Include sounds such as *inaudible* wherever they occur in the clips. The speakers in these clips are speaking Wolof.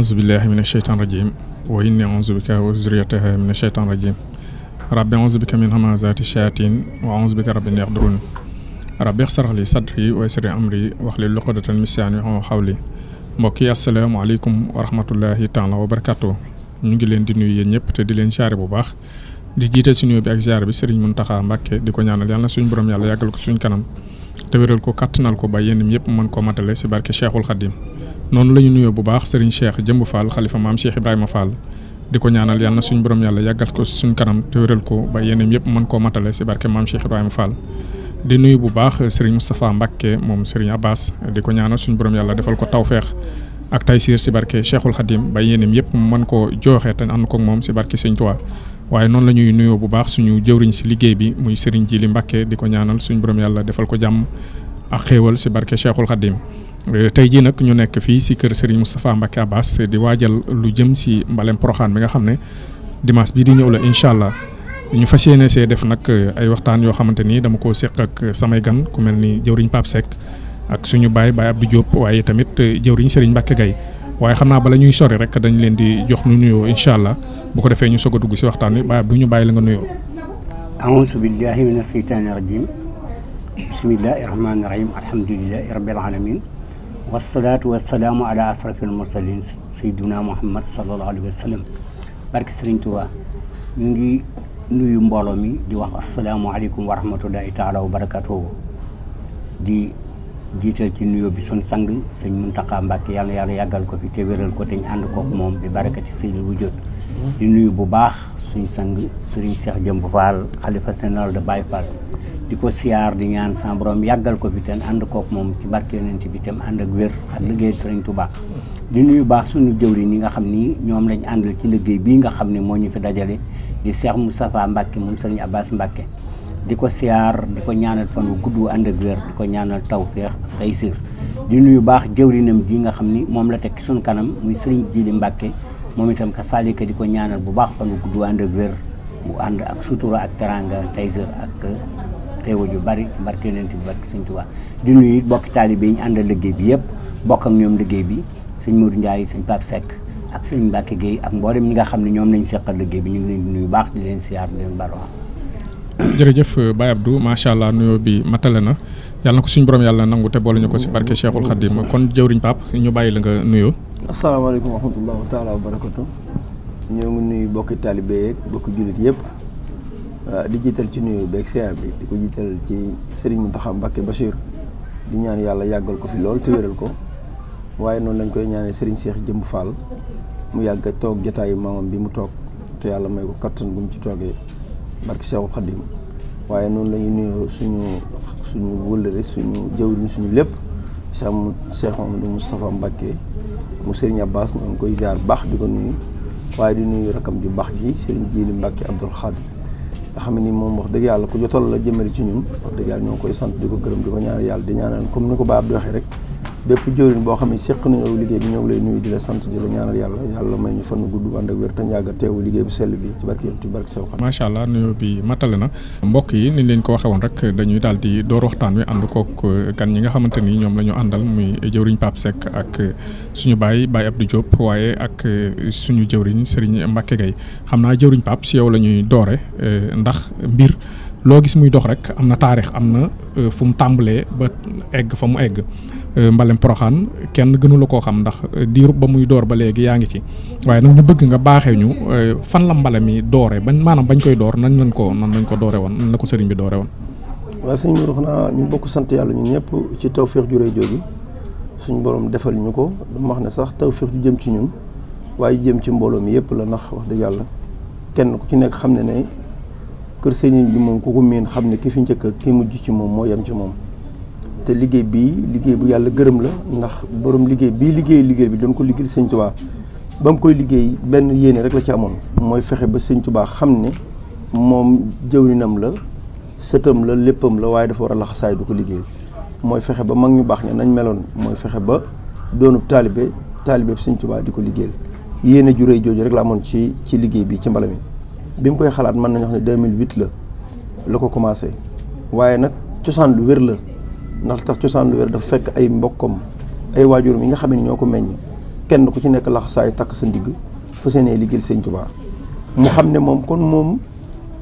أعوذ بالله من الشيطان الرجيم وإني أعوذ بك وذريتها من الشيطان الرجيم ربي أعوذ بك من wa الشياطين وأعوذ بك رب أن يحضرون ربي اغفر لي صدري ويسر أمري واحلل عقدة من لساني يفقهوا قولي mbokk yi asalaamaaleykum wa rahmatullahi taala wa barakaatu ñu ngi leen di nuyu yéen ñëpp te di leen siyaare bu baax di jiite si nuyoo bi ak siyaare bi Serigne Mountakha Mbacké di ko ñaanal yàlla na suñu borom yàlla yàggal ko suñ kanam te wéral ko kàttanal ko ba noonu la ñu nuyoo bu baax Serigne Cheikh Jëmb faal xalifa maam Cheikh Ibrahima Fall di ko ñaanal yàlla suñu suñ borom yàlla yàggal ko suñ kanam te wéral ko ba yëpp mën koo matale si barke maam Cheikh Ibrahima Fall. di nuyu bu baax Serigne Moustapha Mbacke moom Serigne Abbas di ko ñaanal suñ borom yàlla defal ko tawféex ak taysiir si barke Cheikhul Khadim ba yéenam yëpp mën koo jooxee te ànd ko moom si barke Sëñ Tuubaa waaye noonu la ñuy nuyoo bu baax suñu jëwriñ si liggéey bi muy Serigne Jili Mbacke di ko ñaanal suñ borom yàlla defal ko jàmm ak xéewal si barke Cheikhul Khadim Euh, tey jii nag ñu nekk fii si kër Serigne Moustapha Mbacké Abbas di waajal lu jëm si mbalem Porokhane bi nga xam ne dimaas bii di ñëw la incha allah ñu fas yéene see def nag euh, ay waxtaan yoo xamante ni dama koo seq ak samay gan ku mel ni jëwriñ Pape Seck ak suñu baay baay Abdou Diop waaye tamit euh, jëwriñ Serigne Mbacké Gaye waaye xam naa bala ñuy sori rek dañ leen di jox nu nuyoo incha allah bu ko defee ñu soog a dugg si waxtaan wi baay Abdou ñu bàyyi la nga nuyoo. aouzu billahi wasalaatu wasalaamu ala asrafil mursalin sayduna muhammad sallallahu alayhi wa sallam barke sëriñ Tuubaa ñu ngi nuyu mbooloo mi di wax asalaamualeykum wa rahmatullahi taala wa barakatuhu di jiital ci nuyoo bi sun sang sëñ Muntaxa Mbàkke yàlla yàlla yàggal ko fi te wéral ko te ñu ànd kook moom di barakati sayyidul wujud di nuyu bu baax suñ sang sëriñ seex Jëmb Fall xalifa général de Baye Fall di ko siyaar di ñaan sa borom yàggal ko fi ànd kook moom ci barke yonent bi tam ànd ak wér liggéey sëriñ Touba di nuyu baax suñu jëwriñ yi nga xam ni ñoom lañu àndal ci liggéey bii nga xam ne moo ñu fi dajale di Cheikh Moustapha Mbacke moom sëriñ Abbas Mbacke di ko siyaar di ko ñaanal fan wu gudd ànd ak wér di ko ñaanal tawfeex tay sir di nuyu baax jëwriñam ji nga xam ni moom la teg ci kanam muy sëriñ Jili Mbacke moom itam ka salika di ko ñaanal bu baax fan wu gudd ànd ak wér bu ànd ak sutura ak teranga tay sir ak xéewal yu bari ci barke yonent bi barke sëñ Tuubaa di nuyu bokki taalibe yi ñu àndal liggéey bi yëpp bokk ñoom liggéey bi sëñ Modou Ndiaye suñ Pape Seck ak sëñ Mbacke géey ak mboolem ñi nga xam ne ñoom lañ seqal liggéey bi ñu ngi leen di nuyu baax di leen siyaar di leen barwaa *coughs* jërëjëf euh, Baye Abdou macha allah nuyoo bi matale na yàlla na ko suñu borom yàlla nangu te boole ñu ko si barke Cheikhul Khadim kon jëwriñ Pape ñu bàyyi la nga nuyoo. asalaamaaleykum wa rahmatullaahi taala wa barakatu ñoo ngi nuyu bokki taalibe yeeg bokki yëpp Euh, di jiital ci nuyu beeg siyaar bi di ko jiital ci mu Mountakha Mbacké Bachir di ñaan yàlla yàggal ko fi lool te wéral ko waaye noonu lañ koy ñaanee Serigne Cheikh Jëmb Fall mu yàgg toog jotaayu maamam bi mu toog te yàlla may kattan bu ci toogee barke Cheikhul Khadim waaye noonu la ñuy suñu suñu wëllëre suñu jëwriñ suñu lépp Cheikh mu du mu Moustapha Mbacké mu Serigne Abbas ñoo ngi koy ziar baax di ko nuyu waaye di nuyu rakam ju baax ji Serigne Djili Mbacké Abdoul Khadir nga xam ni moom wax dëgg yàlla ku jotal la jëmale ci ñun wax dëgg yàlla ñoo ngi koy sant di ko gërëm di ko ñaanal yàlla di ñaanal comme ni ko baab di waxee rek bépp jëwriñ boo xam ne séq nañoo liggéey bi ñoo ngi lay nuyu di la sant di la ñaanal yàlla yàlla may ñu fan gudd ànd ak wér te ñàgg a teewu liggéey bu sell bi ci barke allah nuyoo bi matale na mbokk yi ni leen ko waxe woon rek dañuy daal di door waxtaan wi ànd kook uh, gan ñi nga xamante ni ñoom la ñu àndal muy jëwriñ Pape Seck ak uh, suñu baay baay Abdou Diop waaye ak uh, suñu jëwriñ Serigne Mbacke Gueye xam naa jëwriñ Pape si yow la ñuy doore ndax mbir loo gis muy dox rek am na taarix am na fu mu tàmbalee ba egg fa mu Euh, mbalem poroxaan kenn gënula koo xam ndax euh, diirub ba muy door ba léegi yaa ngi ci waaye nag ñu bëgg nga baaxee ñu euh, fan la mbale mi doore bañ maanaam bañ koy door nañ lañ ko nan lañ ko doore woon nan la ko sëriñ bi doore woon waaye sëñ bi ñu bokk sant yàlla ñun ñëpp ci tawféex ju rëy jooju suñu borom defal ñu ko dama wax ne sax tawféex ju jëm ci ñun waaye jëm ci mbooloo mi yëpp la ndax wax dëgg yàlla kenn ku ci nekk xam ne ne kër sëriñ bi moom ku ko miin xam ne ki fi njëkk ki mujj ci moom moo yem ci moom liggéey bi liggéey bu yàlla gërëm la ndax boroom liggéey bii liggéey liggéey bi doon ko liggéey sëñ Tuubaa ba mu koy liggéey benn yéene rek la ci amoon mooy fexe ba sëñ Tuubaa xam ne moom jëwrinam la sëtam la léppam la waaye dafa war a laxasaay du ko liggéey mooy fexe ba mag ñu baax ne nañ meloon mooy fexe ba doonub taalibe taalibe sëñ Tuubaa di ko liggéeyal yéene ju jooju rek la amoon ci ci liggéey bi ci mbala mi bi mu koy xalaat mën nañu wax ne 2008 la la ko commencé waaye nag cosaan lu wér la ndax tax cosaan lu wér dafa fekk ay mbokkam ay waajur yi nga xam ne ñoo ko meññ kenn ku ci nekk laxasaay takk sa ndigg fa seenee liggéeyal sëñ Tuubaa mu xam ne moom kon moom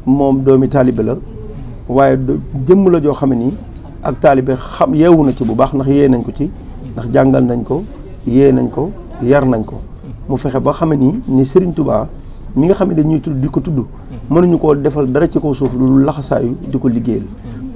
moom doomi taalibe la waaye jëmm la joo xam ne nii ak taalibe xam yeewu na ci bu baax ndax yee nañ ko ci ndax jàngal nañ ko yee nañ ko yar nañ ko mu fexe ba xam ne nii ni Serigne tubaa mi nga xam ne dañuy tudd di ko tudd mënuñu koo defal dara ci ko suuf lu laxasaayu di ko liggéeyal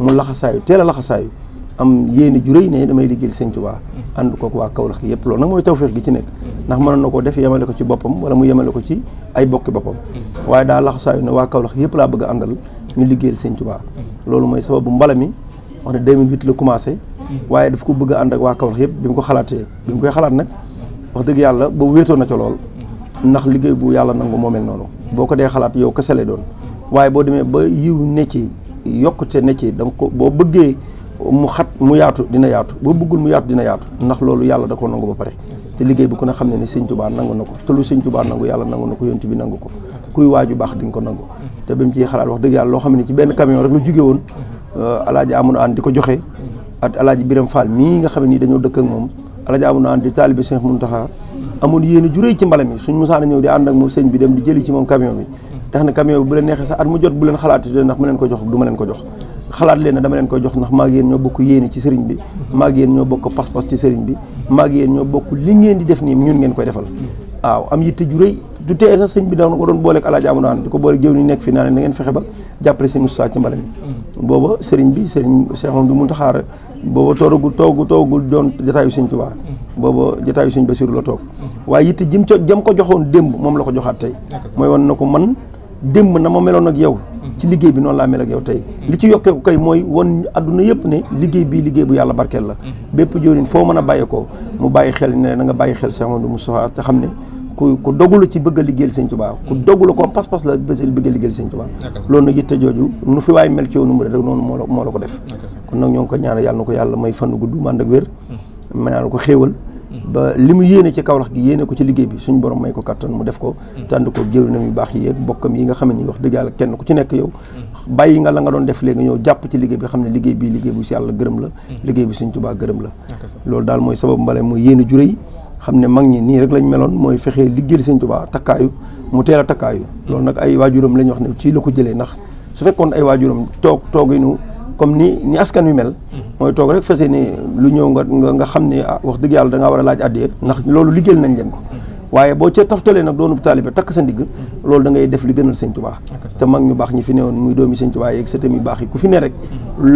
mu laxasaayu teel a laxasaayu am yéene ju rëy ne damay liggéeyal Sëñ Tuubaa mm-hmm. ànd kook waa Kawlax gi yëpp loolu nag mooy tawféex gi ci nekk mm-hmm. ndax mënoon na ko def yemale ko ci boppam wala mu yemale ko ci ay bokki boppam mm-hmm. waaye daa laxasaayu ne waa Kawlax yëpp laa bëgg a ñu liggéeyal Sëñ Tuubaa loolu mooy sababu mbala mi wax ne 2008 la commencé waaye daf ko bëgg a ak waa Kawlax yëpp bi mu ko xalaatee bi koy xalaat nag wax dëgg yàlla ba wéetoon na ca lool ndax liggéey bu yàlla nangu moo noonu boo ko dee xalaat yow kese lay doon waaye boo demee ba yiw ne ci yokkute ne ci da ko boo bëggee mu xat mu yaatu dina yaatu ndax loolu yàlla da ko nangu ba pare te liggéey bi ku ne xam ne ni sëñ tubaa nangu na ko te lu sëñ tubaa nangu yàlla nangu na ko yonent bi nangu ko ko nangu te ba mu ciy xalaat wax dëgg yàlla loo xam ne ci benn camion rek lu jóge woon alaaji amono aan di ko joxe ak alaaji biram fall mii nga xam ne nii dañoo dëkk ak moom alaaji amono aan di taalibi Cheikh Mountakha amoon yéen ju ci mbala mi suñ mosaana ñëw di ànd ak moom sëñ bi dem di jëli ci moom camion bi tax na camion bu leen neexee sax at mu jot bu leen xalaat ndax xalaat leen ne dama leen koy jox ndax maag yéen ñoo bokk yéene ci sëriñ bi maag yéen ñoo bokk pas-pas ci sëriñ bi maag yéen ñoo bokk li ngeen di def nii ñun ngeen koy defal waaw am yitte ju rëy du tee sax sëñ bi daan ko doon booleeg alaaji amadou an di ko booleeg jëw ni nekk fi naa ne na ngeen fexe ba jàppale sëñ Moussa ci mbale mi booba sëriñ bi sëriñ Cheikh Mamadou Mountakha booba toogagul toogagul toogagul doon jataayu sëñ Tuubaa booba jataayu sëñ Basiru la toog waaye yitte jim co jam ko joxoon démb moom la ko joxaat tey mooy wan na ko man démb na ma meloon ak yow ci liggéey bi noonu laa mel ak yow tey li ci yokkeeku kay mooy won adduna yëpp ne liggéey bi liggéey bu yàlla barkeel la bépp jëwriñ foo mën a bàyyi ko mu bàyyi xel ne na nga bàyyi xel Cheikh Amadou Moustapha te xam ne ku ku dogula ci bëgg a liggéeyal Sëñ Tuubaa ku dogula ko pas-pas la bëgg a liggéeyal Sëñ Tuubaa loolu nag yitte jooju nu fi waay mel ci yoonu mu rek noonu moo la ko def kon nag ñoo ngi koy ñaanal yàlla na ko yàlla may fan gudd ànd ak ba li mu yéene ci Kaolack gi yéene ko ci liggéey bi suñu borom may ko kattan mu def ko mm-hmm. tànd ko jëwrinam yu baax yi ak mbokkam yi nga xam ne wax dëgg yàlla kenn ku ci nekk yow mm-hmm. bàyyi nga la nga doon def léegi ñëw jàpp ci liggéey bi xam ne liggéey bi liggéey bu si yàlla gërëm la mm-hmm. liggéey bi suñ tubaa gërëm la loolu daal mooy sababu mbale mooy yéene ju rëy xam ne mag ñi nii rek lañ meloon mooy fexee liggéeyal sëñ Tuubaa takkaayu mu teel takkaayu loolu nag ay waajuram lañ wax ne ci la ko jëlee ndax su fekkoon ay waajuram toog tooginu comme ni ni askan wi mel. Mm-hmm. mooy toog rek fas yéene lu ñëw nga nga xam ne ah, wax dëgg yàlla da ngaa war a laaj àddee ndax loolu liggéeyal nañ leen ko. Mm-hmm. waaye boo cee toftalee nag doonub taalibe takk sa ndigg mm-hmm. loolu da ngay def li gënal sëñ Tuubaa te mag ñu baax ñi fi newoon muy doomi sëñ Tuubaa yeeg sëtam yu baax yi ku fi ne rek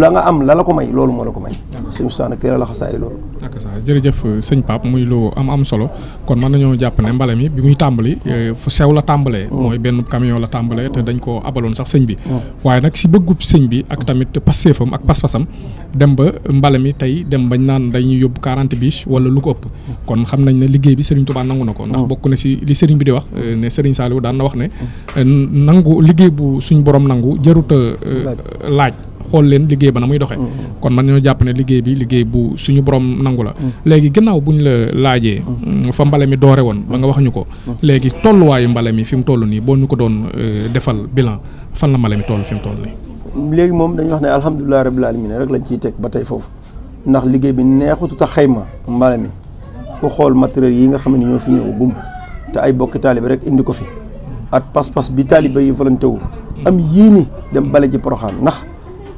la nga am la la ko may loolu moo la ko may sëñ Usmaan nag teel la xasaay loolu ak sax jërëjëf euh, sëñ Pape muy lu am am solo kon mën nañoo jàpp ne mbale mi bi muy tàmbali euh, fu sew la tàmbalee oh. mooy benn camion la tàmbalee te dañ koo abaloon sax sëñ bi oh. waaye nag si bëggub sëñ bi ak tamit passeefam ak pas-pasam dem ba mbale mi tey dem bañ naan dañuy yóbbu quarante biche wala lu ko ëpp kon xam nañ ne liggéey bi sëriñ Touba nangu na ko ndax oh. bokk na si li sëriñ bi di wax euh, ne sëriñ Saliou daan na wax ne nangu liggéey bu suñ borom nangu xool leen liggéey ba na muy doxee mm-hmm. kon man ñoo jàpp ne liggéey bi liggéey bu suñu borom nangu la mm-hmm. léegi ginnaaw bu ñu la laajee mm-hmm. fa mbale mi doore woon ba nga wax ñu ko léegi tolluwaayu mbale mi fi mu toll nii boo ñu ko doon euh, defal bilan fan la mbale mi toll fi mu toll nii léegi moom dañu wax ne alhamdulilah rabbil alamin rek lañ ciy teg ba tey foofu ndax liggéey bi neexutut a xayma mbale mi ku xool matériel yi nga xam ne ñoo fi ñëw bum te ay bokki taalibe rek indi ko fi at pas-pas bi taalibe yi volonté wu am yéene dem bale ji poroxaan ndax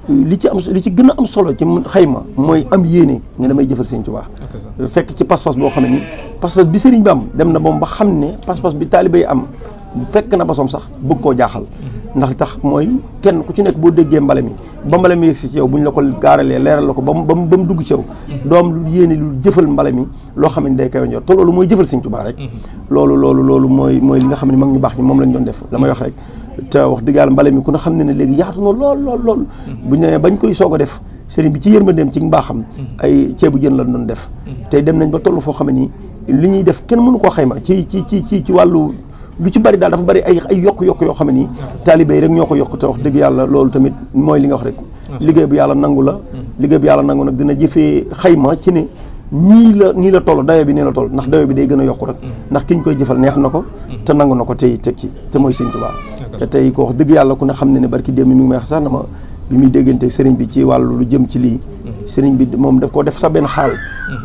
li ci am li ci gën a am solo ci xayma mooy am yéene ne damay jëfal Sëriñ Tuubaa fekk ci pas boo xam ne ni pas-pas bi sëriñ bi am dem na moom ba xam ne pas bi taaliba yi am fekk na bosom sax bëgg koo jaaxal ndax li tax mooy kenn ku ci nekk boo déggee mbale mi ba mbale mi yegg ci yow bu ñu la ko gaaralee leeral la ko ba mu ba mu dugg ci yow doom lu yéene lu jëfal mbale mi loo xam ne day kawe njor te loolu mooy jëfal Sëñ Tuubaa rek mm-hmm. loolu loolu loolu mooy mooy li nga xam ne mag ñu baax ñi moom lañ def la may wax rek te wax dëgg yàlla mbale mi ku ne xam ne ne léegi yaatu na lool lool lool mm-hmm. bu ñu koy soog a def sëriñ bi ci yërmandeem ci mbaaxam mm-hmm. ay ceebu jën la doon def tey dem nañ ba toll foo xam ne nii li ñuy def kenn mënu koo xayma ci ci ci ci ci wàllu lu ci bari daal dafa bari ay yokk-yokk yoo xam ne nii ah, taalibe yi rek ñoo ko yokk te wax dëgg yàlla loolu tamit mooy li nga wax rek ah, liggéey bu yàlla nangu la hmm. liggéey bu yàlla nangu nag dina jëfee xayma ci ne nii la nii la toll dayo bi ne la toll ndax dayo bi day gën a yokku rek hmm. ndax ki ñu koy jëfal neex na ko hmm. te nangu na ko tey tekki te mooy Sëñ Tuubaa te tey ko wax dëgg yàlla ku ne xam ne ne barki démb mi ngi may wax sax na ma bi muy déggante sëriñ bi ci wàll lu jëm ci lii sëriñ bi moom daf ko def sa benn xaal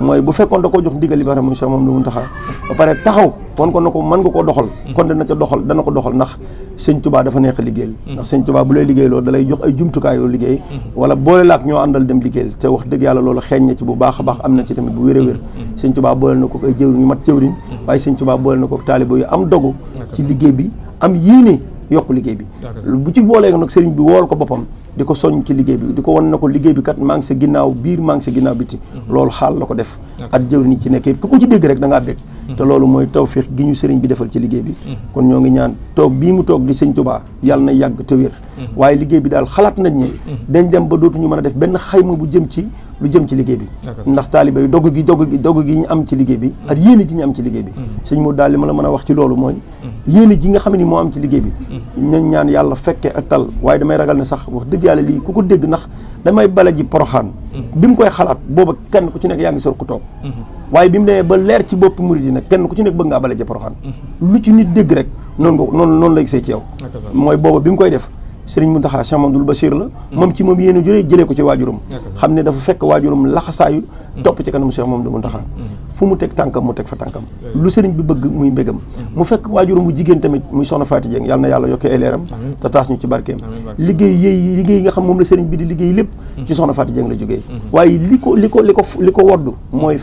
mooy bu fekkoon da ko jox ndigal li bara moom moom lu mun taxaa ba pare taxaw kon kon na ko mën nga ko doxal kon dana ca doxal dana ko doxal ndax sëñ Tuubaa dafa neex liggéeyal ndax sëñ tubaa bu lay liggéey dalay jox ay jumtukaay yoo liggéey wala boole laak ñoo àndal dem liggéeyal te wax dëgg yàlla loolu xeeñ na ci bu baax a baax am na ci tamit bu wér a wér sëñ Tuubaa boole na ko ay jëwriñ yu mat jëwriñ na ko taalibe yu am dogu ci liggéey bi am yéene yokk liggéey bi bu ci boolee nag sëriñ bi wool ko boppam di ko soñ ci liggéey bi di ko wan na ko liggéey bi kat maa ngi sa ginnaaw biir maa ngi sa ginnaaw biti mhm. loolu xaal la ko def at jëw ni ci nekkee ku ko ci dégg rek da ngaa bég mhm. te loolu mooy tawfiix gi ñu sëriñ bi defal ci liggéey bi mhm. kon ñoo ngi ñaan toog bii mu toog di sëñ Tuubaa yàlla na yàgg te wér waaye liggéey bi daal xalaat nañ ne dañ dem ba dootuñu mën a def benn xayma bu jëm ci lu jëm ci liggéey bi ndax taaliba yi dogg gi dogg gi dogg gi ñu am ci liggéey bi ak yéene ji ñu am ci liggéey bi sëñ moo daal li ma la mën a wax ci loolu mooy yéene ji nga xam ne moo am ci liggéey bi nañ ñaan yàlla fekke ak tal waaye damay ragal ne sax wax dëgg yàlla lii ku ko dégg ndax damay bale ji poroxaan mm-hmm. bi mu koy xalaat booba kenn ku ci nekk yaa ngi sor ku toog mm-hmm. waaye bi mu demee ba leer ci bopp murid yi nag kenn ku ci nekk bëgg ngaa bale ji mm-hmm. lu ci nit dégg rek noonu nga noonu noonu gisee ci mooy booba bi mu koy def sëriñ Mountakha Cheikh Mamadou Bachir la hmm. moom ci moom yéen a juree jëlee ko ci waajuram xam ne dafa fekk waajuram laxasaayu hmm. topp ci kanam Cheikh hmm. mu teg tànkam mu teg fa mu fekk na yàlla yokkee ay leeram la sëriñ bi di liggéey lépp ci soxna Faati Dieng la jógee waaye li ko li ko ko li mooy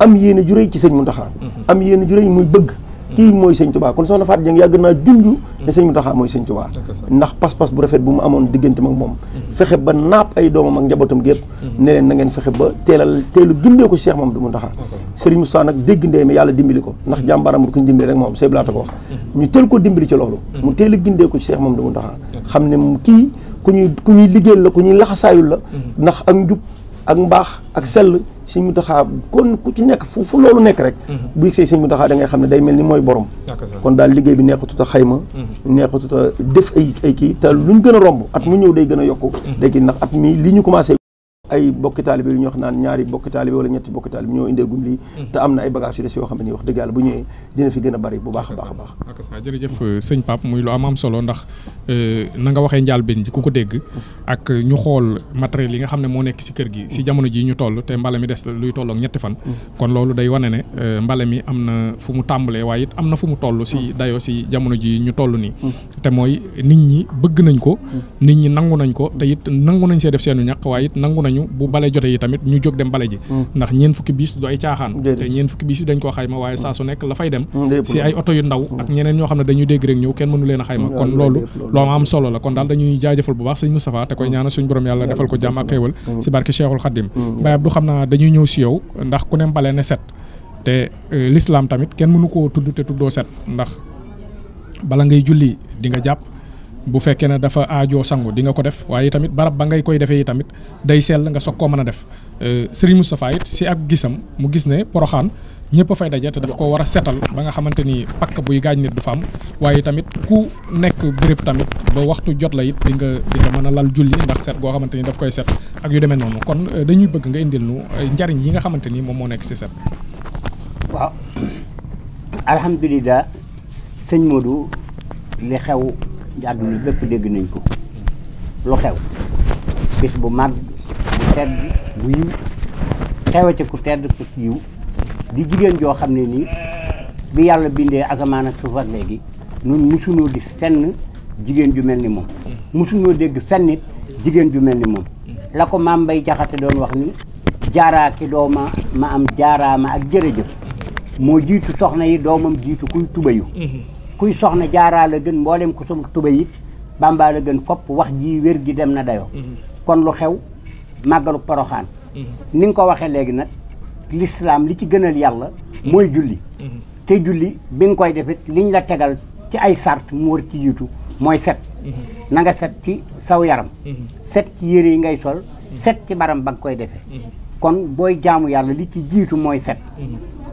am yéen a juree ci sëriñ Mountakha am yéen a juree muy bëgg kii mooy sëñ Tuubaa kon soxna Fatou Dieng yàgg naa junj ne sëñ Muntaxa mooy sëñ Tuubaa ndax pas-pas bu rafet bu mu amoon diggante mag moom mhm. fexe ba naap ay doomam ak njabootam gépp mhm. ne leen fexe ba teelal teelu gindee ko Cheikh moom du mhm. mu teel a gindee xam ne kii ku ñuy ku la ku ñuy laxasaayul la ndax ak njub ak mbaax ak sell sëñ Muntaxa kon ku ci nekk fu fu loolu nekk rek mhm. bu yëgsee sëñ Muntaxa da ngay xam ne day mel ni mooy borom kon daal liggéey bi neexatut a xayma mhm. neexatut a def ay ay kii te luñ gën a romb at mu ñëw day gën a yokku day kii ndax at mi li ñu commencé ay bokki taalibe yu ñu wax naan ñaari bokki taalibe ñoo indee gum lii hmm. te am na ay bagages a bari bu baax a baax a baax ak ça jërëjëf euh, sëñ Pape muy lu am euh, na nga waxee njaal benn ji ku ko dégg ak ñu xool matériel yi nga xam ne moo nekk si kër gi si jamono ji ñu toll te mbale mi des luy tollook ñetti fan hmm. kon loolu day wane ne euh, mbale mi am na fu mu tàmbalee waaye it am na fu mu toll si hmm. dayoo si jamono ji ñu toll nii te mooy nit ñi bëgg nañ ko nit ñi nangu nañ ko te it nangu nañ see def seenu ñàq waaye it nangu nañu ñu bu bale jotee yi tamit ñu jóg dem bale ji mm. ndax ñeen fukki biis du ay caaxaan te ñeen fukki biis yi dañ koo xayma waaye saa su nekk la dem mm, si ay oto yu ndaw mm. ak ñeneen ñoo xam ne dañuy dégg ñëw kenn mënu leen a xayma kon loolu lu am solo la kon daal dañuy jaajëfal bu baax sëñ Moustapha te koy ñaanal suñu borom yàlla defal ko jàmm ak xéewal si barke Cheikhul Khadim Baye Abdou xam naa dañuy ñëw si yow ndax ku ne mbale ne set te euh, l'islam tamit kenn bu fekkee ne dafa aajoo sangu di nga ko def waaye tamit barab ba ngay koy defee yi tamit day sell nga soog koo mën a def euh, Serigne Moustapha si ak gisam mu gis ne poroxaan ñëpp fay daje te dafa ko war a setal ba nga xamante ni pakk buy gaañ nit du fa am waaye tamit ku nekk béréb tamit ba waxtu jot la it di nga di nga mën a lal julli ndax set goo xamante ni daf koy set ak yu demee noonu kon euh, dañuy bëgg nga indil nu euh, njariñ yi nga xamante ni moom moo nekk si set. waaw alhamdulilah xew. ci àdduna bépp dégg nañ ko lu xew bis bu màgg bu tedd bu yiw xewe ci ku tedd ku yiw di jigéen joo xam ne nii bi yàlla bindee asamaan ak suuf ak léegi nun musunoo gis fenn jigéen ju mel ni moom musunoo dégg fenn it jigéen ju mel ni moom la ko maam mbay jaxate doon wax ni jaaraa ki dooma ma am jaaraama ak jërëjëf moo jiitu soxna yi doomam jiitu kuy tubayu mhm. kuy soxna jaaraa la gën mboolem ku sol tuba it bàmbaa la gën fopp wax ji wér gi dem na dayoo mhm. kon lu xew màggalu poroxaan mhm. ni nga ko waxee léegi nag lislaam li ci gënal yàlla mhm. mooy julli te julli bi nga koy defit liñ la tegal ci ay sart mu war ci jiitu mooy set nanga set ci saw yaram set ci yére yi ngay sol set ci baram ba nga koy defee kon booy jaamu yàlla li ci jiitu mooy set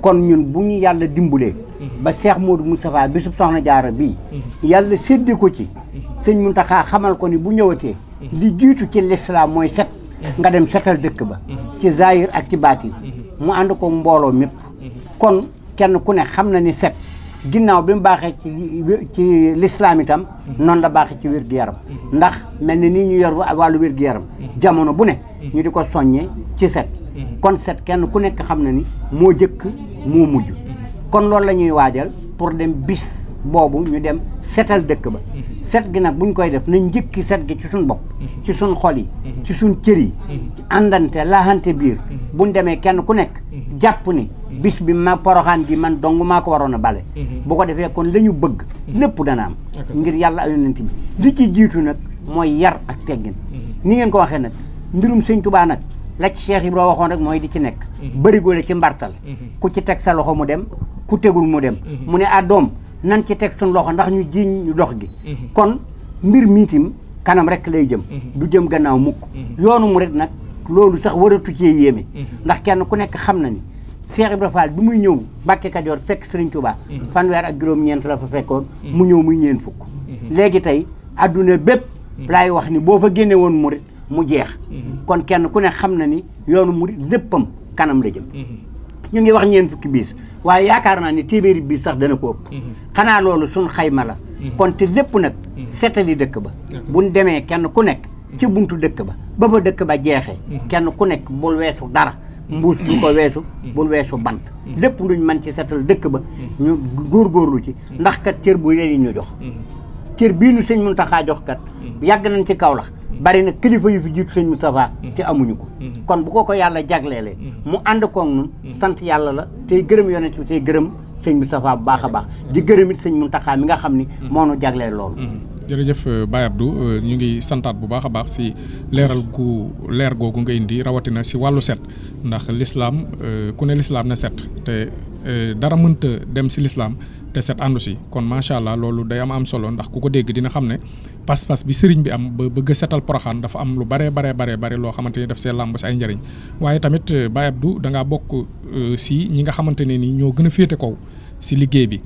kon ñun bu ñu yàlla dimbulee ba moo Modou Moustapha bisub soxna jaar bii yàlla séddi ko ci sëñ taxaa xamal ko ni bu ñëwatee li jiitu ci lislaam mooy set nga dem setal dëkk ba ci zahir ak ci baatin mu ànd ko mbooloo mépp kon kenn ku ne xam na ni set ginnaaw bi mu baaxee ci ci lislaam itam noonu la baaxee ci wér-gu-yaram ndax mel ni ñu yor wàllu wér-gu-yaram jamono bu ne ñu di ko soññee ci set kon set kenn ku nekk xam na ni moo jëkk moo mujj kon loolu la ñuy waajal pour dem bis boobu ñu dem setal dëkk ba mhm. set gi nag buñ koy def nañ njëkki set gi ci suñ bopp mhm. ci suñ xol yi mhm. ci suñ cëri yi àndante laaxante biir buñ demee kenn ku nekk jàpp ni bis bi ma poroxaan gi man dong maa ko waroon a bale bu ko defee kon la ñu bëgg lépp dana am ngir yàlla ak yonent bi li ci jiitu nag mooy yar ak teggin ni ngeen ko waxee nag mbirum sëñ tubaa nag la ci Cheikh Ibra waxoon rek mooy di ci nekk mhm. bërigo la ci mbartal mhm. ku ci teg sa loxo mu dem ku tegul mu dem mhm. mu ne ah doom nan ci teg suñu loxo ndax ñu jiiñ ñu dox gi kon mbir miitim kanam rek lay jëm du jëm gannaaw mukk yoonu mu rek nag loolu sax waratu cee yéeme ndax kenn ku nekk xam na ni Cheikh Ibra Fall bi muy ñëw Mbàkke Kajoor fekk Sëriñ Tuubaa fanweer ak juróom-ñeent la fa fekkoon mu ñëw muy ñeent fukk léegi tey adduna bépp laay wax ni boo fa génne woon murit mu jeex mhm. kon kenn ku ne xam na ni yoonu mu léppam kanam la mhm. ñu ngi wax ñeen fukki biis waaye yaakaar naa ni téeméeri biis sax dana ko ëpp mhm. xanaa loolu suñ xayma la kon te lépp nag setali dëkk ba bu demee kenn ku nekk ci buntu dëkk ba ba fa dëkk ba jeexee kenn ku nekk bul weesu dara mbuus bu ko weesu bul weesu bant lépp luñ mën ci setal dëkk ba ñu góorgóorlu ci ndax kat cër bu leen ñu jox cër bii nu sëñ Muntaxa jox kat mhm. yàgg nañ ci Kaolack mhm. bari na kilifa yu fi jiitu sëñ Moustapha mhm. te amuñu ko kon bu ko ko yàlla jagleele mu ànd koog nun sant yàlla la tey gërëm yonent bi tey gërëm sëñ Moustapha bu baax a baax di gërëm it sëñ Muntaxa mi nga xam ni moo nu jagleel loolu jërëjëf euh, Baye Abdou euh, ñu ngi santaat bu baax a baax si leeral gu leer googu nga indi rawatina si wàllu set ndax lislaam euh, ku ne lislaam na set te dara mënta dem si lislaam te set àndu si kon macha allah loolu day am am solo ndax ku ko dégg dina xam ne pas-pas bi sëriñ bi am ba bëgg setal poroxaan dafa am lu baree bare baree bare loo xamante ni daf see làmb si ay njëriñ waaye tamit ba Abdou danga ngaa bokk euh, si ñi nga xamante ne ni ñoo gën a féete kaw si liggéey bi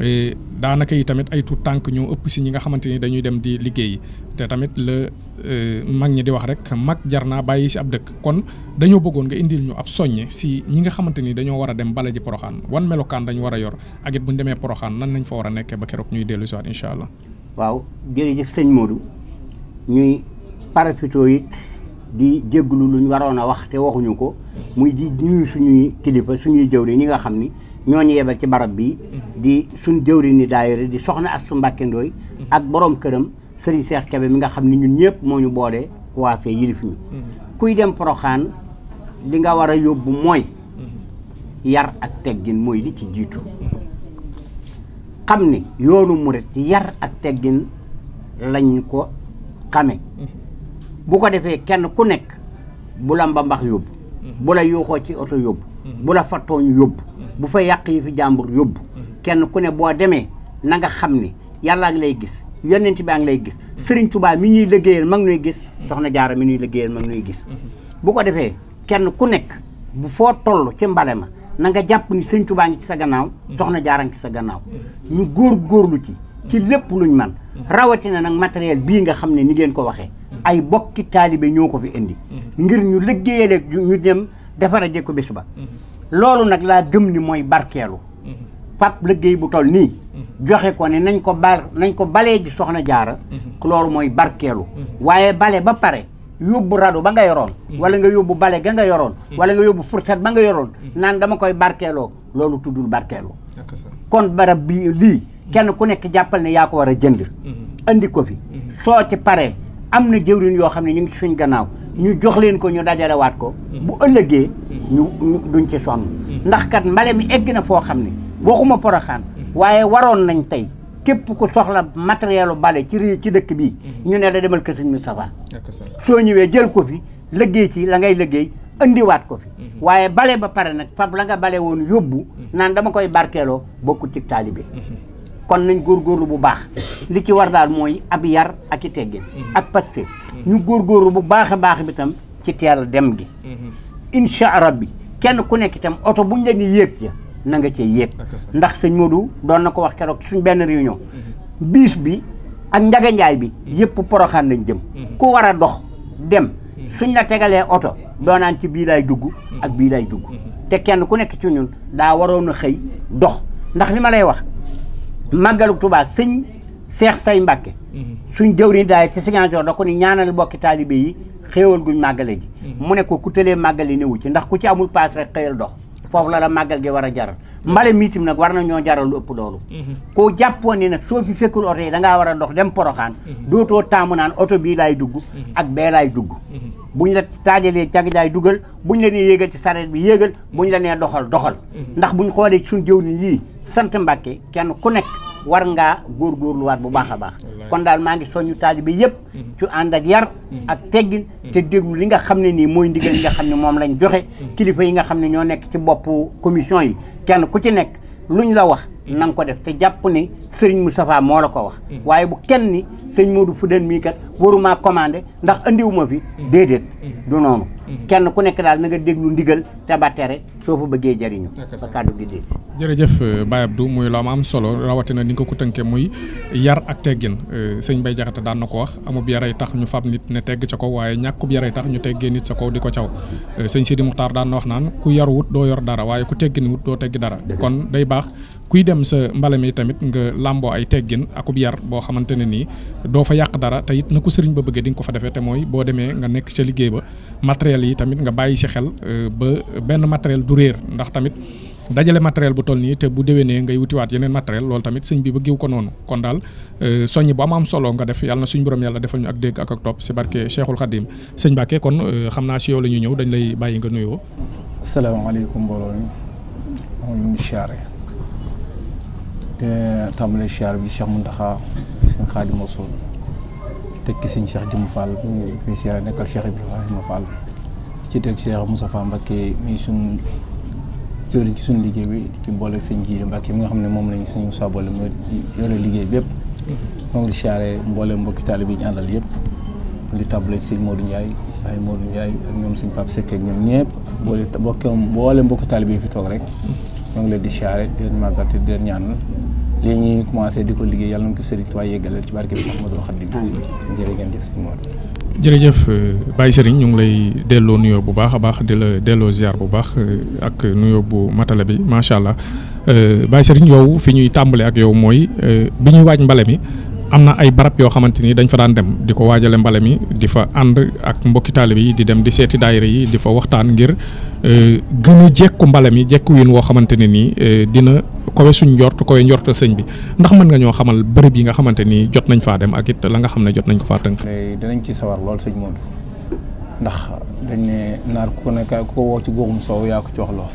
daanaka yi tamit ay tuut tànk ñoo ëpp si ñi nga xamante ni dañuy dem di liggéey te tamit la euh, mag ñi di wax rek mag jar naa bàyyi si ab dëkk kon dañoo bëggoon nga indil ñu ab soññe si ñi nga xamante ni dañoo war a dem bala ji poroxaan wan melokaan dañu war a yor ak it bu demee poroxaan nan nañ fa war a nekkee ba keroog ñuy dellu si waat incha allah. waaw jërëjëf sëñ Modou ñuy parafito it di jéglu luñ waroon a wax te waxuñu ko muy di ñuy suñuy kilifa suñuy jëwri ñi nga xam ni. ñoo ñu yebal ci barab bi di suñ jëwri ni daayira di soxna ak Mbàkke Ndooy ak boroom këram Serigne Cheikh Kebe mi nga xam ne ñun ñëpp moo ñu boole coiffé yilif ñi kuy dem Poroxaan li nga war a yóbbu mooy yar ak teggin mooy li ci jiitu xam ni yoonu murit yar ak teggin lañ ko xame bu ko defee kenn ku nekk bu la mbambax yóbbu bu la yuuxoo ci oto yóbbu bu la fattooñ yóbbu bu fa yàq yi fi jàmbur yóbbu mm-hmm. kenn ku ne boo demee na nga xam ni yàllaa ngi lay gis yonent baa ngi lay gis sëriñ tubaa mi ñuy liggéeyal mag nuy gis mm-hmm. soxna jaara mi ñuy liggéeyal mag nuy gis mm-hmm. bu ko defee kenn ku nekk bu foo toll ci mbale ma na nga jàpp ni sëriñ tubaa ngi ci sa gannaaw soxna jaara ngi ci sa gannaaw ñu góor góor lu ci ci lépp luñ man rawatina nag matériel bii nga xam ne ni ngeen ko waxee ay bokki taalibe ñoo ko fi indi ngir ñu liggéeyale ñu dem defara jekko bés ba loolu nag laa gëm ni mooy barkeelu mhm. fab liggéey bu tol nii mhm. joxe ko ne nañ ko bal nañ ko balee ji soxna jaara mhm. loolu mooy barkeelu waaye bale ba pare yóbbu rado ba nga yoroon wala nga yóbbu bale ga nga yoroon wala nga yóbbu furset ba nga yoroon naan dama koy barkeeloo loolu tuddul barkeelu kon barab bi lii kenn ku nekk jàppal ne yaa ko war a jënd andi ko fi soo ci paree am na jëwriñ yoo xam ne ñu ngi ci suñ gannaaw ñu jox leen ko ñu dajalewaat ko bu ëllëgee ñu duñ ci sonn ndax kat mbale mi egg na foo xam ne waxuma poroxaan waaye waroon nañ tey képp ku soxla matériel bale ci ri ci dëkk bii ñu ne la demal kër sëñ Moustapha soo ñëwee jël ko fi léggéey ci la ngay liggéey indiwaat ko fi mhm. waaye bale ba pare nag fab la nga bale woon yóbbu mhm. naan dama koy barkeeloo bokkul ci taalibe mhm. kon nañ góorgóorlu bu baax li ci war daal mooy ab yar ak i teggin ak paste ñu góor góorgóorlu bu baax a baax bi tam ci teel dem gi incha rabbi kenn ku nekk tam oto bu ñu leen yéeg ja na nga cee yéeg ndax sëñ Modou doon na ko wax keroog suñ benn réunion biis bi ak njaganjaay bi yëpp poroxaan lañ jëm mhm. ku war a dox dem mhm. suñ la tegalee oto doonaan ci bii lay dugg mhm. ak bii lay dugg te kenn ku nekk ci ñun daa waroon a xëy dox ndax li ma lay wax màggalu Tuubaa sëñ seex say mbàkke mhm. suñ jëwriñ daay ci Ziguinchor da ko ni ñaanal bokki taalibe yi xéewal guñ màggale ji mhm. mu ne ko ku tëlee màggale newu ci ndax ku ci amul paas rek xëyal dox foofu la la màggal gi war a jaral mhm. mbale miitim nag war na ñoo jaral lu ëpp loolu koo jàppoon ni nag soo fekkul oto yi da ngaa war a dox dem poroxaan dootoo taamu naan oto bii laay dugg ak bee laay dugg buñ la taajalee jag jaay dugal buñ la nee yéegal ci sareet bi yéegal buñ la nee do doxal ndax buñ xoolee suñ jëw ni yii sant Mbàkke war ngaa góorgóorluwaat bu baax a baax kon daal maa ngi soññu taalibe yëpp mm-hmm. ci ànd ak yar mm-hmm. ak teggin te mm-hmm. déglu li nga xam ne nii mooy ndigal yi nga xam ne moom lañ joxe kilifa yi nga xam ne ñoo nekk ci bopp commission yi kenn ku ci nekk luñ la wax na ko def te jàpp ni Serigne Moustapha moo la ko wax. Mm. waaye bu kenn ni sëñ Modou Fudeen mii kat waruma commandé ndax andiwuma fi. Mm. déedéet mm. du noonu. kenn ku nekk daal na nga déglu ndigal te ba tere soo fa bëggee jariñu. ba kàddu di dégg. jërëjëf euh, Baye Abdou muy la ma am solo rawatina ni nga ko tënkee muy yar ak teggin sëñ Baye Jaxate daan na ko wax amub yaray tax ñu fab nit ne tegg ca kaw waaye ñàkkub yi tax ñu teggee nit sa kow di ko caw euh, sëñ Sidi Muxtaar daan na wax naan ku yar wut doo yor dara waaye ku teggi dara kon day baax kuy dem sa mbala mi tamit nga làmboo ay teggin akub yar boo xamante ne nii doo fa yàq dara te it na ko sëriñ ba bëggee di nga ko fa defee te mooy boo demee nga nekk sa liggéey ba matériel yi tamit nga bàyyi si xel euh, ba benn matériel du réer ndax tamit dajale matériel bu toll nii te bu ne ngay wutiwaat yeneen matériel loolu tamit sëñ bi bëggew ko noonu kon daal euh, soññ bu am am solo nga def yàlla na suñ borom yàlla defal ñu ak dégg ak ak topp si barke Cheikhul Khadim sëñ Mbacke kon euh, xam naa si yow la ñuy ñëw dañ lay bàyyi nga nuyoo. salaamaaleykum mbooloo te tàmbale siyaar bi Cheikh Mountakha bi sëñ Xaadimu Rasuul teg ki sëñ Cheikh Jëmm Fall mi fi siyaar nekkal Cheikh Ibrahima Fall ci teg Cheikh Moustapha Mbacké mi suñ jëriñ ci suñ liggéey bi ci booleeg sëñ Jiiri Mbacké mi nga xam ne moom lañ sëñ Moussa boole mu yore liggéey bépp moom di siyaare mboole mbokki taalibe yi ñu àndal yëpp li tàmbale ci sëñ Modou Ndiaye Baye Modou Ndiaye ak ñoom sëñ Pape Seck ñoom ñëpp ak boole mboole mbokki taalibe yi toog rek ñoo ngi leen di siyaare di leen màggal te di leen commencé di ko yàlla na ko Serigne Touba yeggaleel ci barke bi Cheikh Ahmadoul Khadim jërë ngeen jëf Serigne Modou jërëjëf euh, Baye Serigne ñu ngi lay delloo nuyoo bu baax a baax di la delloo ziar bu baax euh, ak nuyoo bu matala bi macha allah euh, Baye Serigne yow fi ñuy tàmbale ak yow mooy bi ñuy waaj mbale mi am na ay barab yoo xamante ni dañ fa daan dem di ko waajale mbale mi di fa ànd ak mbokki taalibe yi di dem di seeti daayira yi di fa waxtaan ngir euh, gën a jekku mbale mi jekku yin woo xamante ne nii euh, dina kowe suñ njort kowe njorta sëñ bi ndax mën nga ñoo xamal bërëb yi nga xamante ni jot nañ faa dem ak it la nga xam ne jot nañ ko faa tënk. dinañ ci sawar lool sëñ Modou ndax dañ ne naar ku ne ku ko woo ci góoxum soow yaa ko ci wax loo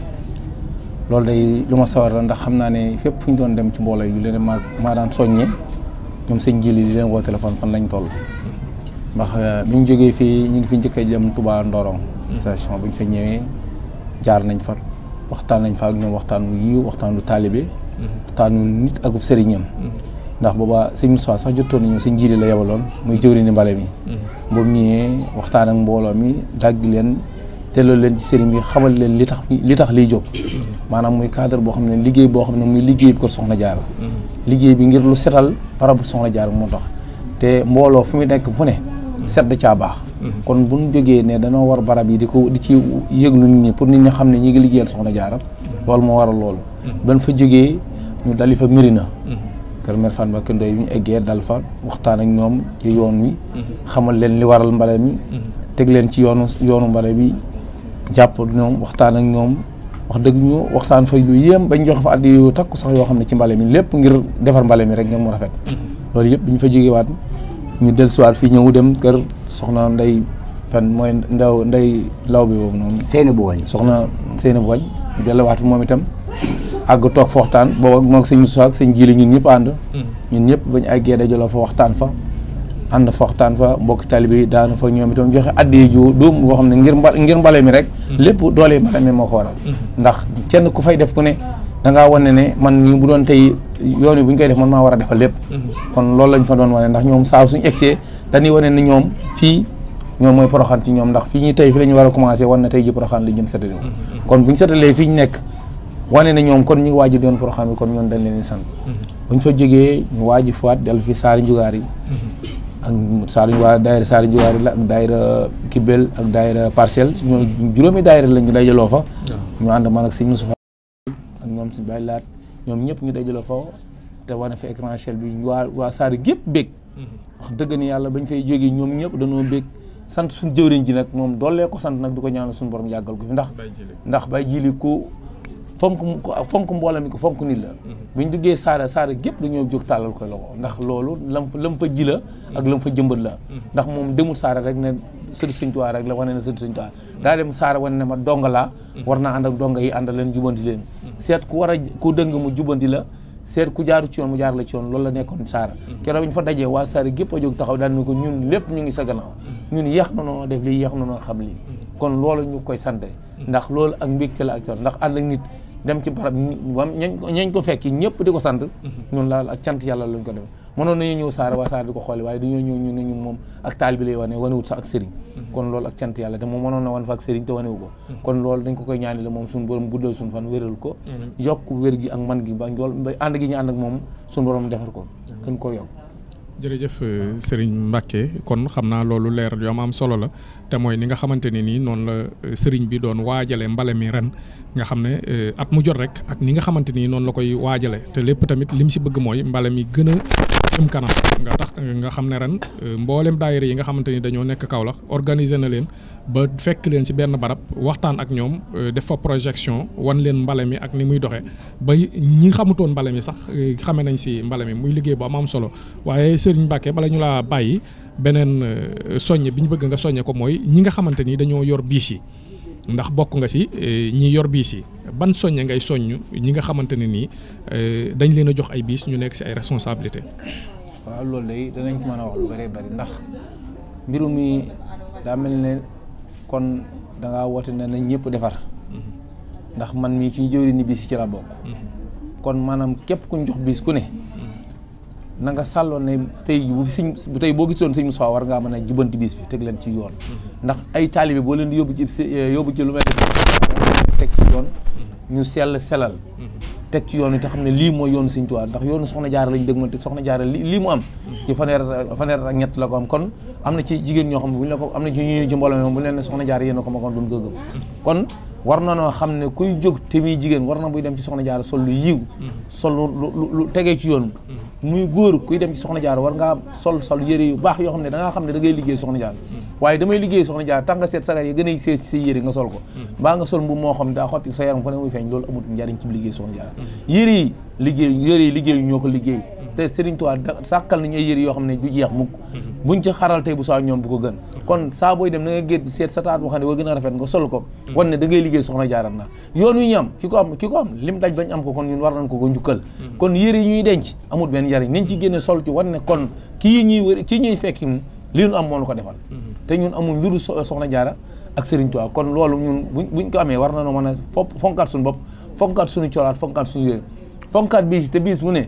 loolu day sawar la ndax xam naa ne fépp fu ñu doon dem ci mbooloo yu leen maa maa ñoom sëñ jili di leen woo téléphone fan lañ toll ndax euh, bi ñu jógee fii ñu ngi fi njëkk a jëm Touba Ndorong mm-hmm. station bu ñu fa ñewee jaar nañ fa waxtaan nañ fa ak ñoom waxtaan wu yiw waxtaan lu taalibe mm-hmm. waxtaan wu nit akub sëriñam mm-hmm. ndax boobaa sëñ Moussa sax jotoon nañu sëñ jili la yebaloon muy jëwri ni mbale mi boobu ñëwee waxtaan ak mbooloo mi dagg leen delloo leen ci sëriñ bi xamal leen li tax li tax liy jóg maanaam muy cadre boo xam ne liggéey boo xam ne muy liggéey bi kër Soxna Jaara liggéey bi ngir lu setal barabu Soxna Jaara moo tax te mbooloo fu mu nekk fu ne set da caa baax kon buñ jógee ne danoo war barab yi di ko di ci yëglu nit ñi pour nit ñi xam ne ñi ngi liggéeyal Soxna Jaara loolu moo waral loolu ban fa jógee ñu dali fa Mérina kër mère Fatma Ndoye bi ñu eggee dal fa waxtaan ak ñoom ci yoon wi mm-hmm. xamal leen li waral mbale mi mm-hmm. teg leen ci yoon yoonu mbale bi jàpp ñoom waxtaan ak ñoom wax dëgg ñu waxtaan fay lu yéem bañ joxe fa addi yu takku sax yoo xam ne ci mbale mi lépp ngir defar mbale mi rek ngeen mu rafet loolu yëpp bu ñu fa jógewaat ñu dellu dellusiwaat fii ñëw dem kër soxna nday pen mooy ndaw nday law bi boobu noonu seeni bu wañ soxna seeni bu wañ ñu delluwaat fi moom itam àgg toog fa waxtaan boobu moo sëñ Moussa ak sëñ Jili ñun ñëpp ànd hmm. ñun ñëpp bañ àggee dajaloo fa waxtaan fa ànd foxtaan fa mbokk taalibe yi daanu fa ñoom itam joxe addi ju doom boo xam ne ngir mbal ngir mbale mi rek mhm. lépp doole mbale mi moo ko waral mhm. ndax kenn ku fay def ku ne da ngaa wane ne man ñu bu doon tey yoon yi bu ñu koy def man maa war a defal lépp mhm. kon loolu lañ fa doon wane ndax ñoom saa suñu egsee dañuy wane ne ñoom fii ñoom mooy poroxaan ci ñoom ndax fi ñu war a commencé wan na tey ji poroxaan li jëm sétale kon bu ñu nekk wane na ñoom kon ñu waaji doon poroxaan bi kon ñoom dañ leen di sant buñ fa jógee ñu waaji faat del fi saari njugaar yi ak Saliou waa daayira Saliou Diouwaari la ak daayira Kibel ak daayira Parcelle ñoo juróomi daayira lañu dajaloo fa. ñu ànd man ak si Moussa ak ñoom si Baye Laat ñoom ñëpp ñu dajaloo fa te wane fa écran chel bi waa waa Saliou gépp bég. Mm-hmm. wax dëgg ni yàlla bañ fay jógee ñoom ñëpp dañoo bég sant suñu jëwriñ ji nag moom doolee ko sant nag di ko ñaanal suñu borom yàggal ko fi ndax. ndax Baye Jili ku. fonk fonk mbooloo mi ko fonk nit la mhm. bu ñu duggee saara saara gépp dañoo jóg tàllal koy loxo ndax loolu lam lam fa ji la mhm. ak lam fa jëmbat la mhm. ndax moom demul saara rek ne sëtu sëñ Tuubaa rek la wane na sëtu sëñ Tuubaa daa dem saara wane ne ma donga la war naa ànd ak donga yi ànd leen jubanti leen seet ku war a ku dëng mu jubanti la seet ku jaaru ci yoon mu jaar la ci yoon loolu la nekkoon saara keroog bi ñu fa dajee waa saara gépp a jóg taxaw daan na ko ñun lépp ñu ngi sa gannaaw ñun yéex na noo def lii yéex na noo xam lii kon loolu ñu koy sante ndax loolu ak mbégte la ak ndax ànd ak dem ci barab wam ko fekki ñëpp di ko sant mhm. ñun laal ak cant yàlla lañ ko def mënoon nañu ñëw saara waa saara di ko xoole waaye dañoo ñëw ñu nañu moom ak taalibe lay wane wanewut sax ak sëriñ mhm. kon loolu ak cant yàlla te moom mënoon na wan fa ak sëriñ te wanewu ko mhm. kon loolu dañ ko koy ñaanale moom suñu borom guddal suñu fan wéral ko yokk wér gi ak man gi ba ba ànd gi ñu ànd ak moom suñu borom defar ko gën ko yokk jërëjëf euh, Serigne Mbacke kon xam naa loolu leer yu am am solo la te mooy ni nga xamante ne nii noonu la euh, Serigne bi doon waajale mbale mi ren nga xam ne euh, at mu jot rek ak ni nga xamante ni noonu la koy waajale te lépp tamit lim si bëgg mooy mbale mi gën a jëm kanam nga tax nga xam ne ren euh, mboolem daayira yi nga xamante ni dañoo nekk Kaolack organiser na leen ba fekk leen ci benn barab waxtaan ak ñoom euh, def fa projection wan leen mbala mi ak ni muy doxee ba ñi xamutoon mbala mi sax euh, xame nañ si mbala mi muy liggéey bu am am solo waaye Serigne Mbacke bala ñu laa bàyyi beneen soññe bi ñu bëgg nga soññe ko mooy ñi nga xamante ni dañoo yor biis yi. ndax bokk nga si eh, ñi yor biis yi ban soññe ngay soññ ñi nga xamante ne nii eh, dañ leen a jox ay biis ñu nekk si ay responsabilité waaw loolu day danañ ko mën a wax lu bëree bëri ndax mbiru mi daa mel ne kon da ngaa woote ne nañ ñëpp defar mhm. ndax man mii ciy jëwri ni biis yi ci la bokk mhm. kon maanaam képp kuñ jox biis ku ne na nga sàlloon ne tey bu fi sëñ bu tey boo gisoon sëñ Moussa war ngaa mën a jubanti bis bi teg leen ci yoon ndax ay taalibe boo leen di yóbbu ci eh, yóbbu ci lu mel selal teg ci yoon yi xam ne lii mooy yoonu sëñ Tuubaa ndax yoonu soxna jaara lañ dëgmal te soxna jaara li lii mu am ci faneer faneer ak ñett la ko am kon am na ci jigéen ñoo xam ne bu ñu la ko am na ci ñu ci mbooloo moom bu ñu leen ne soxna jaara yéen a ko ma kon ko gëm kon war na noo xam ne kuy jóg te muy jigéen war na muy dem ci soxna jaara sol lu yiw mhm. sol lu tegee ci yoon mhm. muy góor kuy dem ci soxna jaara war nga sol sol yëre yu baax yoo xam ne da xam ne da ngay liggéey soxna jaara mhm. waaye damay liggéey soxna jaara tax seet sagar yi gën a seet si yëre nga sol ko mbaa nga sol mbubb moo xam ne daa xotti sa yaram fa ne muy feeñ loolu amut njariñ ci liggéey soxna jaara yëre yi liggéey yi liggéey ñoo ko liggéey te Serigne Touba sàkkal nañu ay yëri yoo xam ne du jeex mukk mhm. buñ ci xaral tey bu saa ñoom bu ko gën kon saa booy dem na a géet seet sa taat boo xam gën a rafet nga sol ko mhm. wan ne liggéey soxna jaaram naa yoon wi ñu am ki ko am ki ko am lim daj bañ am ko kon ñun war nañ ko ko njukkal mhm. kon yëri yi ñuy denc amul benn njariñ niñ ci génne sol ci wan kon kii ñuy fekki li ñu am moo ñu ko defal te ñun amul lu dul soxna jaara ak Serigne Touba kon loolu ñun na noo a fop fonkaat suñu bopp fonkaat suñu colaat fonkaat suñu yére fonkaat biis ne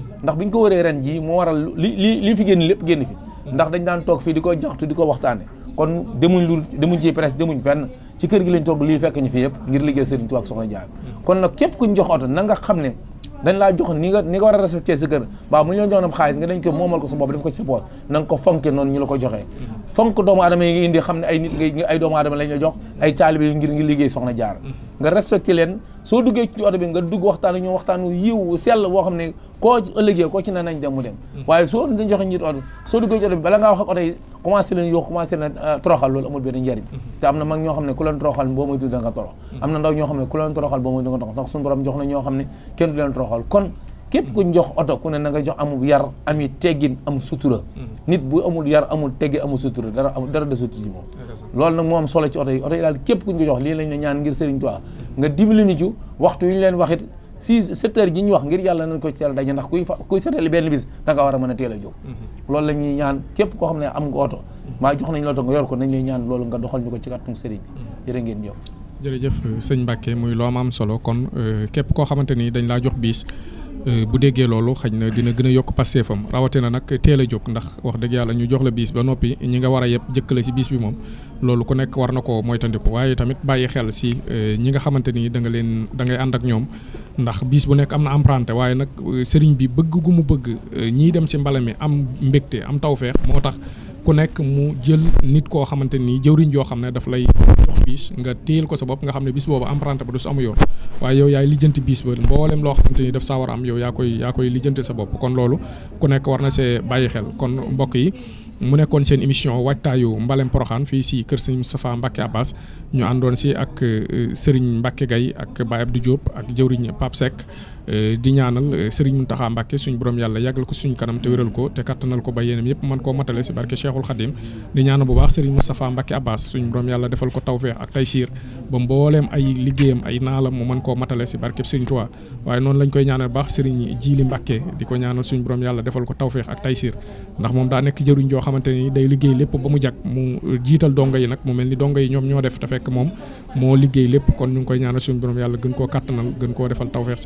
ndax bi ñu ko waree ren jii moo waral li li li fi génn lépp génn fi ndax dañ daan toog fii di ko jaxtu di ko waxtaane kon demuñ lu demuñ ci presse demuñ fenn ci kër gi lañ toog lii fekk ñu fi yëpp ngir liggéey Serigne Touba ak Soxna Jaara kon nag képp kuñ jox oto na nga xam ne dañ laa jox ni nga ni nga war a respecté sa kër waaw mu ñu la joxoon xaalis nga dañ ko moomal ko sa bopp def ko sa poos ko fonke noonu ñu la ko joxee fonk doomu aadama yi indi xam ne ay nit doomu aadama la jox ay taalibe yi ngir ngi Jaara nga respecté leen soo duggee ci bi nga dugg waxtaan ak waxtaan wu yiw wu sell boo xam ne koo ëllëgee koo ci ne nañ dem mu dem hmm. waaye soo duggee ci bi bala ngaa wax ak oto yi leen yoo commencé leen euh, toroxal loolu amul benn njariñ hmm. te am na mag ñoo xam ne ku leen toroxal boo moytu da nga torox hmm. nga torox jox na ñoo xam ne kenn du leen toroxal kon képp ku jox oto ku ne na nga jox amul yar ami teggin am sutura hmm. nit bu amul yar amul teggi amul sutura dara amul dara ci moom loolu nag moo am solo ci oto yi oto yi daal képp ku ñu jox lii lañ la ñaan ngir Serigne Touba nga dimbali ñu ci waxtu yu ñu leen waxit six sept heures ji wax ngir yàlla nañ ko teel daje ndax kuy fa kuy seetali benn bis da nga war a mën a teel a jóg hmm. loolu la ñaan képp koo xam ne am nga oto maa hmm. jox nañ la oto nga yor ko nañ lay ñaan loolu nga Euh, bu déggee loolu xañ na dina gën a yokk passeefam rawatina nag teel a jóg ndax wax dëgg yàlla ñu jox la biis ba noppi ñi nga war a yëpp jëkkale si biis bi moom loolu ku nekk war na ko moytandiku waaye tamit bàyyi xel si euh, ñi nga xamante nii da nga leen dangay ànd ak ñoom ndax biis bu nekk am na emprunté waaye nag euh, sëriñ bi bëgg gu mu bëgg ñiy dem si mbala mi am mbégte am tawfeex moo tax ku nekk mu jël nit koo xamante nii jëwriñ yoo xam ne daf lay jox biis nga téyel ko sa bopp nga xam ne bis boobu emprunté ba du su amu yoon waaye yow yaay lijjanti biis ba mboolem loo xamante ni daf saa war a am yow yaa koy yaa koy lijjanti sa bopp kon loolu ku nekk war na see bàyyi xel kon mbokk yi mu nekkoon seen émission waajtaayu mbalem poroxaan fii si kër sëñ Moustapha Mbacke Abbas ñu àndoon si ak euh, Serigne Mbacke gay ak Baye Abdou jóob ak jëwriñ Pape Seck Euh, di ñaanal euh, Serigne Mountakha Mbacké suñu borom yàlla yàggal ko suñu kanam te wéral ko te kattanal ko ba yéenam yëpp mën koo matale si barke Cheikhul Khadim di ñaanal bu baax Serigne Moustapha Mbacké Abbas suñ borom yàlla ko tawfeex ak taysiir ay liggéeyam ay naalam mu mën koo matale si barke Serigne Touba waaye noonu lañ koy ñaanal bu baax Serigne Djili Mbacké di ko ñaanal suñ borom yàlla defal ko tawfeex ak taysiir ndax moom daa nekk jëruñ joo xamante ni day liggéey lépp ba mu jag mu jiital donga yi nag mu mel ni donga yi ñoom ñoo def te fekk moom moo liggéey lépp kon ñu ngi koy ñaanal suñ borom yàlla gën koo kattanal gën koo defal tawfeex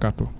barakaatu